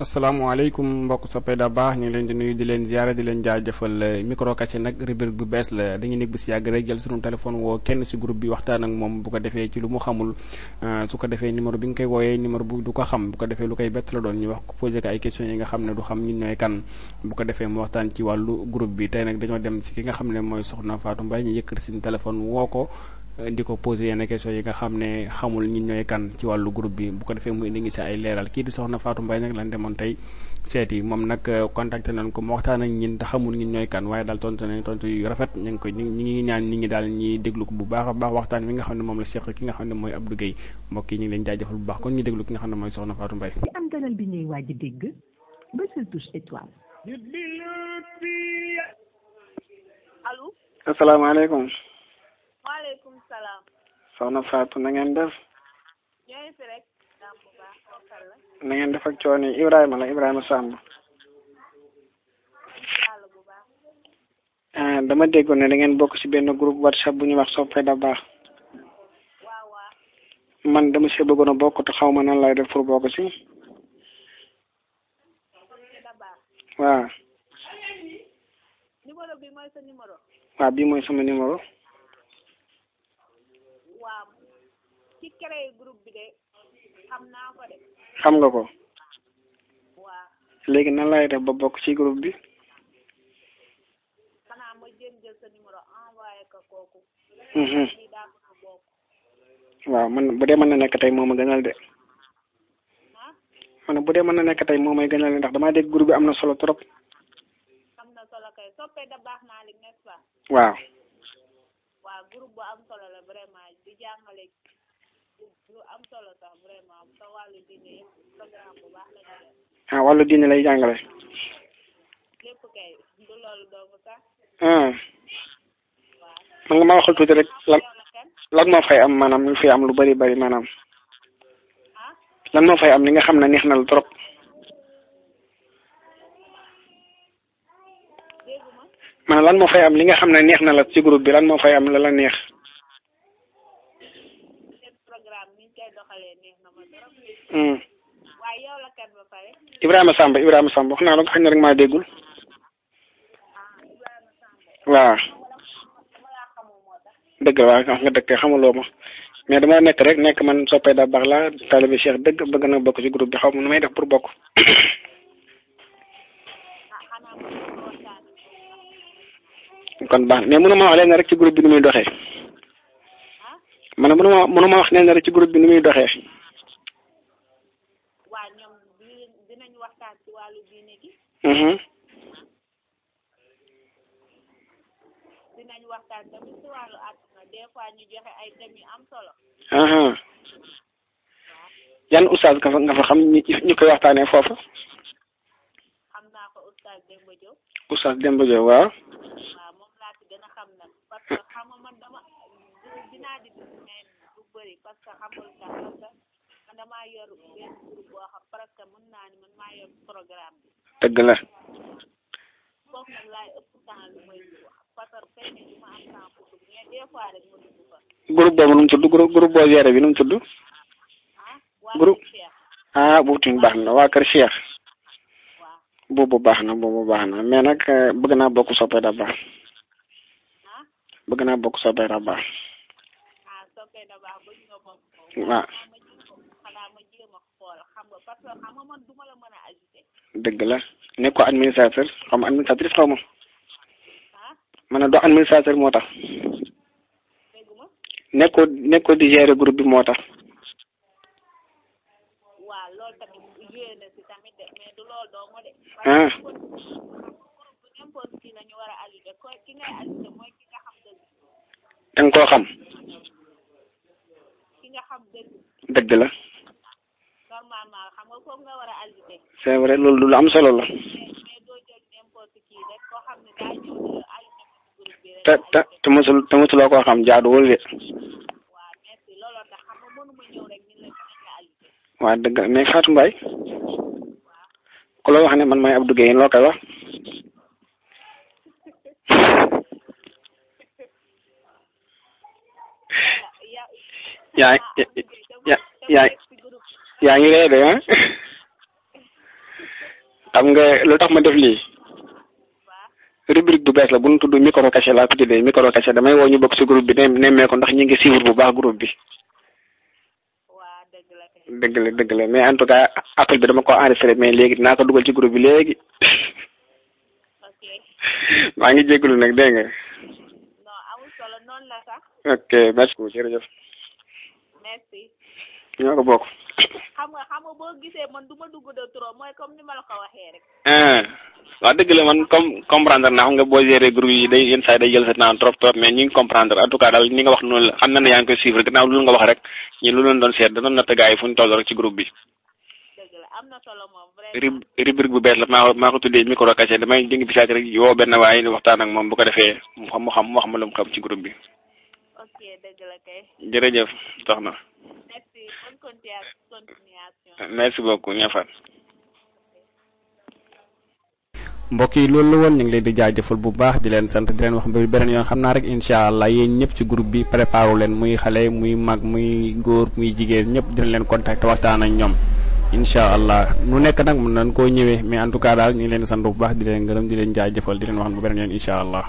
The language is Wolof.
asalaamaaleykum mbokk soppe da baax ñu leen di nuyu di leen ziyaara di leen jaajëfal eh, micro nag rubrique bu bees la dañuy nekk bu si yàgg rek jël sunu téléphone woo kenn si group bi waxtaan ak moom bu ko defee ci lu mu xamul eh, su ko defee numéro bi nga koy wooyee numéro bu du ko xam bu ko defee lu koy bett la doon ñu wax ko posé ko ay questions yi nga xam ne du xam ñun ñooy kan bu ko defee mu waxtaan ci wàllu groupe bi tey nag dañoo dem si ki nga xam ne mooy soxna Fatou Mbaye ñu yëkkati seen téléphone di ko poser yenn question yi nga xam ne xamul ñi ñooy kan ci wàllu groupe bi bu ko defee mu indi ngi si ay leeral kii di soxna Fatou Mbaye nag lañ demoon tey seet yi moom nag euh, contacté nañ ko mu waxtaan kan waaye daal tontu nañ a baax waxtaan wi nga xam ne moom la seq ki nga xam ne mooy Abdou Guèye mbokk leen jaajëfal bu baax kon ñu déglu ki nga xam ne mooy soxna Fatou Mbaye ci am dalal bi ñuy waaj dégg ba sa touche étoile allo asalaamaaleykum soxna na fato def na ngeen def ak cooni Ibrahima la Ibrahima Samb ah dama déggoon ne da ngeen bokk ci benn groupe whatsapp bu ñuy wax soppe da baax man damase see bëggoon a bokk te xaw ma nan lay def pour bokk ci waaw waaw bii mooy sama numéro waaw ci bi de xam naa ko de. xam nga ko. waaw. léegi nan laay def bokk ci groupe bi. xanaa ma jéem jël sa numéro envoyé ko kooku. Mhm. waaw man bu dee mën na nekk tey moom a gënal de. man bu dee mën na nekk tey moom may gënal ndax damaa dégg groupe bi am na solo trop. na solo naa waaw. groupe bu am la vraiment di jàngale solo sax vraiment bu ko wàllu diine la ñu ah, lay jàngale. Ah. man nga ma waxal rek lan lan moo fay am maanaam ñu fi am lu bari bari maanaam. Ah? lan moo fay am li nga xam ne neex na la trop. maanaam lan moo fay am li nga xam ne neex na la si groupe bi lan moo fay am la la neex. Hmm. Ibrahima Samb Ibrahima Samb wax naa la xëy na rek maa déggul. waaw. nga dëgg xamuloo ma mais dama nekk rek nekk man soppee da baax la taalibe Cheikh dëgg bëgg na bokk ci xaw ma may def pour bokk. Ah, kon baax mais mënu wax leen rek ci groupe bi nu muy doxee man mënu ma wax leen rek ci groupe bi nu muy doxee. waa ñoom dinañ waxtaan ci wàllu diine gi. Mhm. yan oustaz nga fa nga fa xam ñu ñu koy waxtaanee foofu. xam Demba Diop. waaw. daal di la foofu nag laay ëpp temps lu may wax parce que fenn du ma am temps pour dugg mais nu mu bi nu mu tudd ah, groupe ah boobu tamit baax na waa kër baax na boobu nag eh, bëgg naa bokk soppe ah? naa bokk soppe waaw. dëgg la nekkoo administrateur xaw ma administratrice xaw ma. doo administrateur moo tax. nekkoo nekkoo di gérer bi moo tax. ah. da koo xam. dëgg la c'est vrai loolu lu am solo la te te te mosul te mosuloo koo xam jaaduwul de waa dëgg mais Fatou Mbaye ku la wax ne man may Abdou Guèye loo koy yaa yaa ngi ree de ah xam nga lu tax ma def lii rubrique bu bees la bu ñu tudd micro caché laa ko tuddee micro caché damay woo bokk si groupe bi ne nemmee ko ndax ñu ngi suivre bu baax groupe bi dëgg la dëgg la mais en tout cas bi dama ko enregistré mais léegi dinaa ko dugal ci groupe bi léegi maa ngi jégalu nag dégg nga. ñoo ko bokk. xam nga xam nga boo gisee man du ma dugg de trop mooy comme ni ma la ko waxee rek. Eh, waaw dëgg la man comme comprendre naa xam nga boo gérer groupe yi day yenn day jël sa temps trop trop mais ñu ngi comprendre en tout cas daal ni nga wax noonu la xam na ne yaa ngi koy suivre gannaaw lu nga wax rek ñu lu leen doon seet dana natt gars yi fu ñu toll rek ci groupe bi. dëgg la na solo moom vraiment. rubrique bu bees la maa ko maa ko tuddee micro caché damay jëng bisaak rek woo benn waaye ni waxtaan ak moom bu ko defee mu xam mu xam mu wax ma lu mu xam ci groupe la na. Merci. Bonne continuation. Merci beaucoup Niafat. loolu la woon ñu ngi leen di jaajëfal bu baax di leen sant di leen wax ba beneen yoon xam naa rek incha allah yéen ñëpp ci groupe bi préparu leen muy xale muy mag muy góor muy jigéen ñëpp dina leen contact waxtaan ak ñoom incha allah nu nekk nag mën nañ koo ñëwee mais en daal ñu leen sant bu baax di leen gërëm di leen jaajëfal di leen wax ba beneen yoon incha allah.